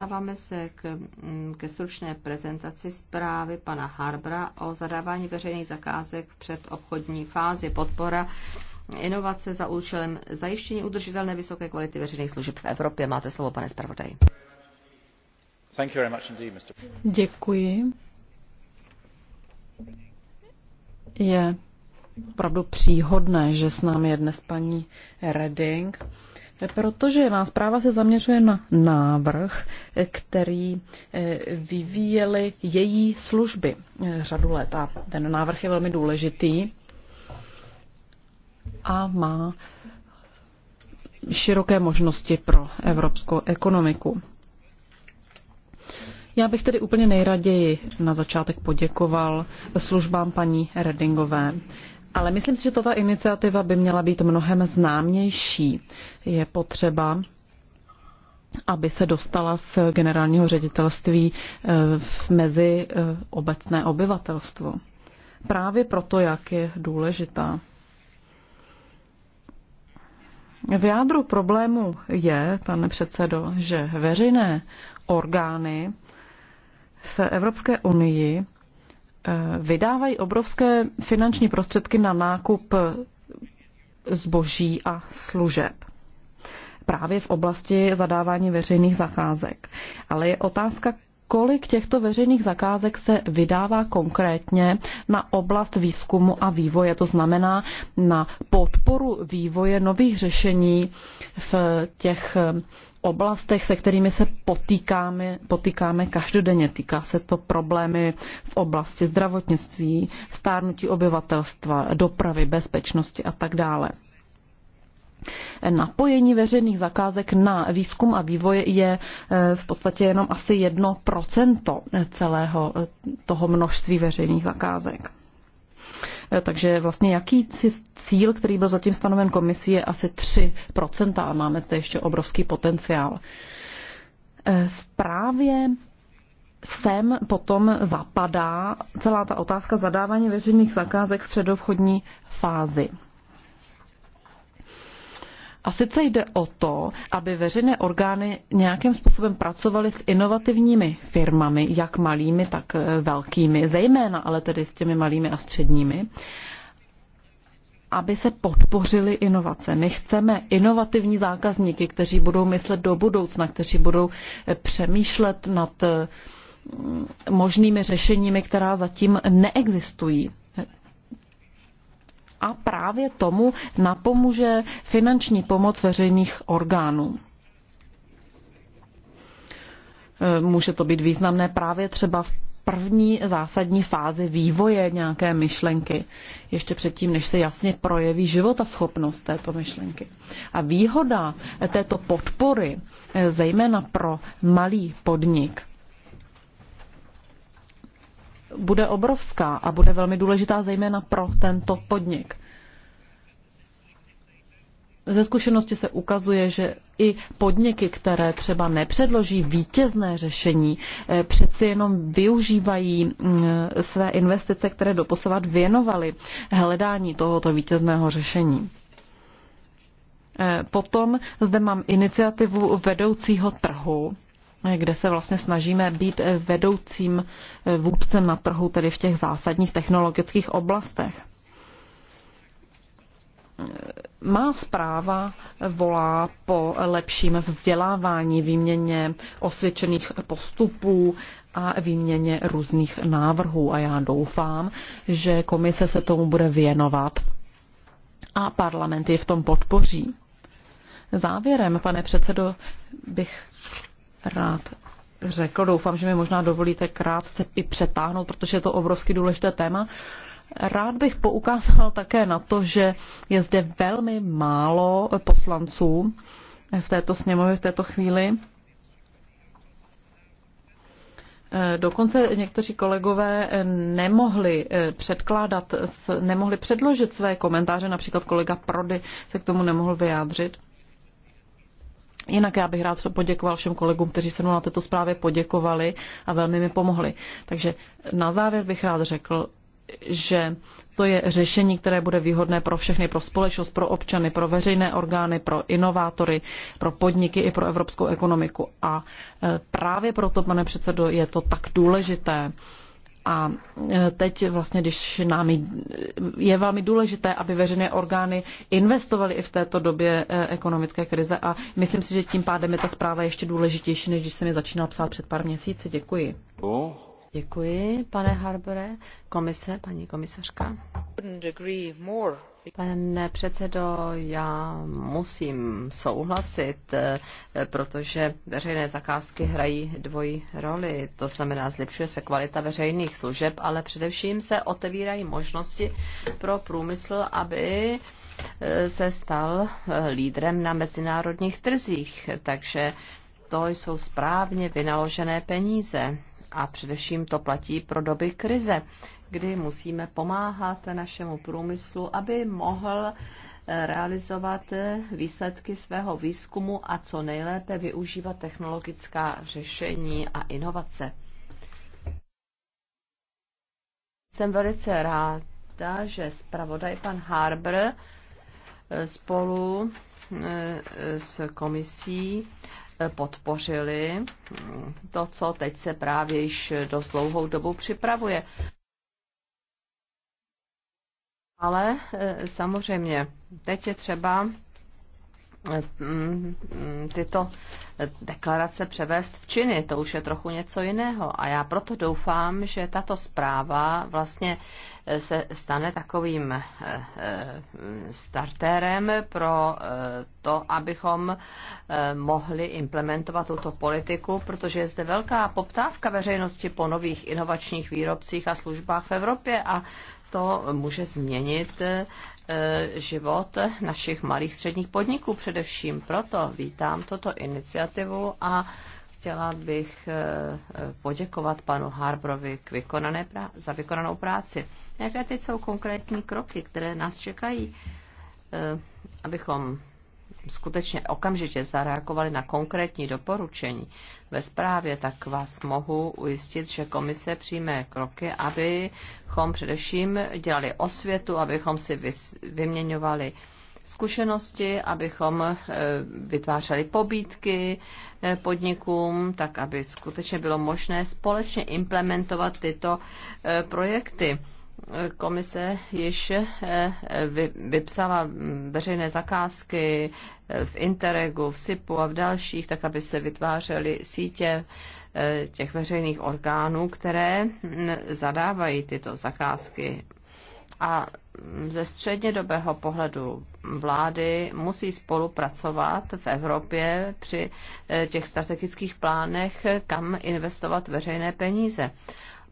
Dostáváme se k, mm, ke stručné prezentaci zprávy pana Harbra o zadávání veřejných zakázek před obchodní fázi podpora inovace za účelem zajištění udržitelné vysoké kvality veřejných služeb v Evropě. Máte slovo, pane zpravodaj. Děkuji. Je opravdu příhodné, že s námi je dnes paní Redding protože má zpráva se zaměřuje na návrh, který eh, vyvíjely její služby eh, řadu let. A ten návrh je velmi důležitý a má široké možnosti pro evropskou ekonomiku. Já bych tedy úplně nejraději na začátek poděkoval službám paní Redingové ale myslím si, že tato iniciativa by měla být mnohem známější. Je potřeba, aby se dostala z generálního ředitelství eh, mezi eh, obecné obyvatelstvo. Právě proto, jak je důležitá. V jádru problému je, pane předsedo, že veřejné orgány se Evropské unii vydávají obrovské finanční prostředky na nákup zboží a služeb právě v oblasti zadávání veřejných zakázek. Ale je otázka, kolik těchto veřejných zakázek se vydává konkrétně na oblast výzkumu a vývoje, to znamená na podporu vývoje nových řešení v těch oblastech, se kterými se potýkáme, potýkáme každodenně. Týká se to problémy v oblasti zdravotnictví, stárnutí obyvatelstva, dopravy, bezpečnosti a tak dále. Napojení veřejných zakázek na výzkum a vývoj je eh, v podstatě jenom asi 1% celého eh, toho množství veřejných zakázek. Eh, takže vlastně jaký cíl, který byl zatím stanoven komisí, je asi 3% a máme zde ještě obrovský potenciál. Zprávě eh, sem potom zapadá celá ta otázka zadávání veřejných zakázek v předobchodní fázi. A sice jde o to, aby veřejné orgány nějakým způsobem pracovaly s inovativními firmami, jak malými, tak eh, velkými, zejména ale tedy s těmi malými a středními, aby se podpořily inovace. My chceme inovativní zákazníky, kteří budou myslet do budoucna, kteří budou eh, přemýšlet nad eh, možnými řešeními, která zatím neexistují a právě tomu napomůže finanční pomoc veřejných orgánů. E, může to být významné právě třeba v první zásadní fázi vývoje nějaké myšlenky, ještě předtím, než se jasně projeví život a schopnost této myšlenky. A výhoda této podpory, e, zejména pro malý podnik, bude obrovská a bude velmi důležitá zejména pro tento podnik. Ze zkušenosti se ukazuje, že i podniky, které třeba nepředloží vítězné řešení, eh, přeci jenom využívají mm, své investice, které doposovat věnovaly hledání tohoto vítězného řešení. Eh, potom zde mám iniciativu vedoucího trhu, kde se vlastně snažíme být vedoucím vůdcem na trhu, tedy v těch zásadních technologických oblastech. Má zpráva volá po lepším vzdělávání, výměně osvědčených postupů a výměně různých návrhů. A já doufám, že komise se tomu bude věnovat a parlament je v tom podpoří. Závěrem, pane předsedo, bych rád řekl. Doufám, že mi možná dovolíte krátce i přetáhnout, protože je to obrovsky důležité téma. Rád bych poukázal také na to, že je zde velmi málo poslanců v této sněmově v této chvíli. Eh, dokonce někteří kolegové nemohli eh, předkládat, nemohli předložit své komentáře, například kolega Prody se k tomu nemohl vyjádřit. Jinak já bych rád poděkoval všem kolegům, kteří se mnou na této zprávě poděkovali a velmi mi pomohli. Takže na závěr bych rád řekl, že to je řešení, které bude výhodné pro všechny, pro společnost, pro občany, pro veřejné orgány, pro inovátory, pro podniky i pro evropskou ekonomiku. A e, právě proto, pane předsedo, je to tak důležité. A e, teď vlastně, když nám je velmi důležité, aby veřejné orgány investovaly i v této době e, ekonomické krize a myslím si, že tím pádem je ta zpráva ještě důležitější, než když jsem je začínal psát před pár měsíci. Děkuji. Oh. Děkuji, pane Harbore. Komise, paní komisařka. Pane předsedo, já musím souhlasit, eh, protože veřejné zakázky hrají dvojí roli. To znamená, zlepšuje se kvalita veřejných služeb, ale především se otevírají možnosti pro průmysl, aby eh, se stal eh, lídrem na mezinárodních trzích. Takže to jsou správně vynaložené peníze. A především to platí pro doby krize, kdy musíme pomáhat našemu průmyslu, aby mohl eh, realizovat eh, výsledky svého výzkumu a co nejlépe využívat technologická řešení a inovace. Jsem velice ráda, že zpravodaj pan Harbr eh, spolu s komisí podpořili to, co teď se právě již dost dlouhou dobu připravuje. Ale eh, samozřejmě, teď je třeba Eh, tyto deklarace převést v činy. To už je trochu něco jiného. A já proto doufám, že tato zpráva vlastně eh, se stane takovým eh, startérem pro to, abychom mohli implementovat tuto politiku, protože je zde velká poptávka veřejnosti po nových inovačních výrobcích a službách v Evropě a to může změnit eh, život našich malých středních podniků především. Proto vítám toto iniciativu a chtěla bych eh, poděkovat panu Harbrovi k vykonané za vykonanou práci. Jaké teď jsou konkrétní kroky, které nás čekají, eh, abychom skutečně okamžitě zareagovali na konkrétní doporučení ve zprávě, tak vás mohu ujistit, že komise přijme kroky, abychom především dělali osvětu, abychom si vyměňovali zkušenosti, abychom eh, vytvářeli pobídky eh, podnikům, tak aby skutečně bylo možné společně implementovat tyto eh, projekty komise již eh, vypsala veřejné zakázky eh, v Interregu, v SIPu a v dalších, tak aby se vytvářely sítě eh, těch veřejných orgánů, které mm, zadávají tyto zakázky. A ze střednědobého pohledu vlády musí spolupracovat v Evropě při těch strategických plánech, kam investovat veřejné peníze.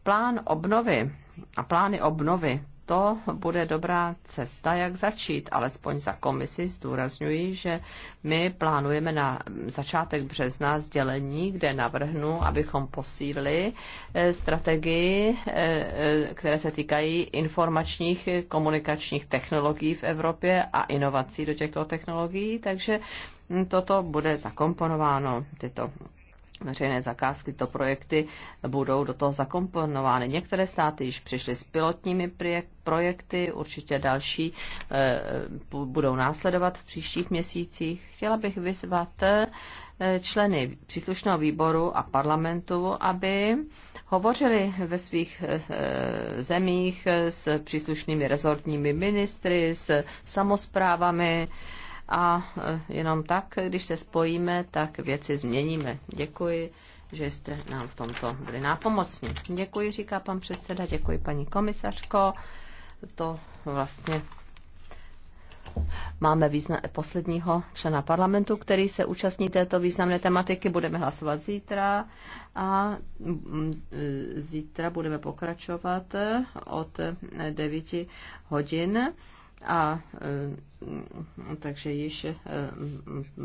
Plán obnovy a plány obnovy, to bude dobrá cesta, jak začít. Alespoň za komisi zdůrazňuji, že my plánujeme na začátek března sdělení, kde navrhnu, abychom posílili e, strategii, e, e, které se týkají informačních komunikačních technologií v Evropě a inovací do těchto technologií, takže toto bude zakomponováno, tyto veřejné zakázky, to projekty budou do toho zakomponovány. Některé státy již přišly s pilotními projekty, určitě další eh, budou následovat v příštích měsících. Chtěla bych vyzvat eh, členy příslušného výboru a parlamentu, aby hovořili ve svých eh, zemích s příslušnými rezortními ministry, s samozprávami, a e, jenom tak, když se spojíme, tak věci změníme. Děkuji, že jste nám v tomto byli nápomocní. Děkuji, říká pan předseda, děkuji paní komisařko. To vlastně Máme význa- posledního člena parlamentu, který se účastní této významné tematiky. Budeme hlasovat zítra a mm, zítra budeme pokračovat od 9 hodin. A e, takže již e,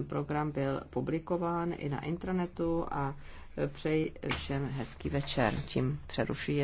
program byl publikován i na intranetu a přeji všem hezký večer. Tím přerušuji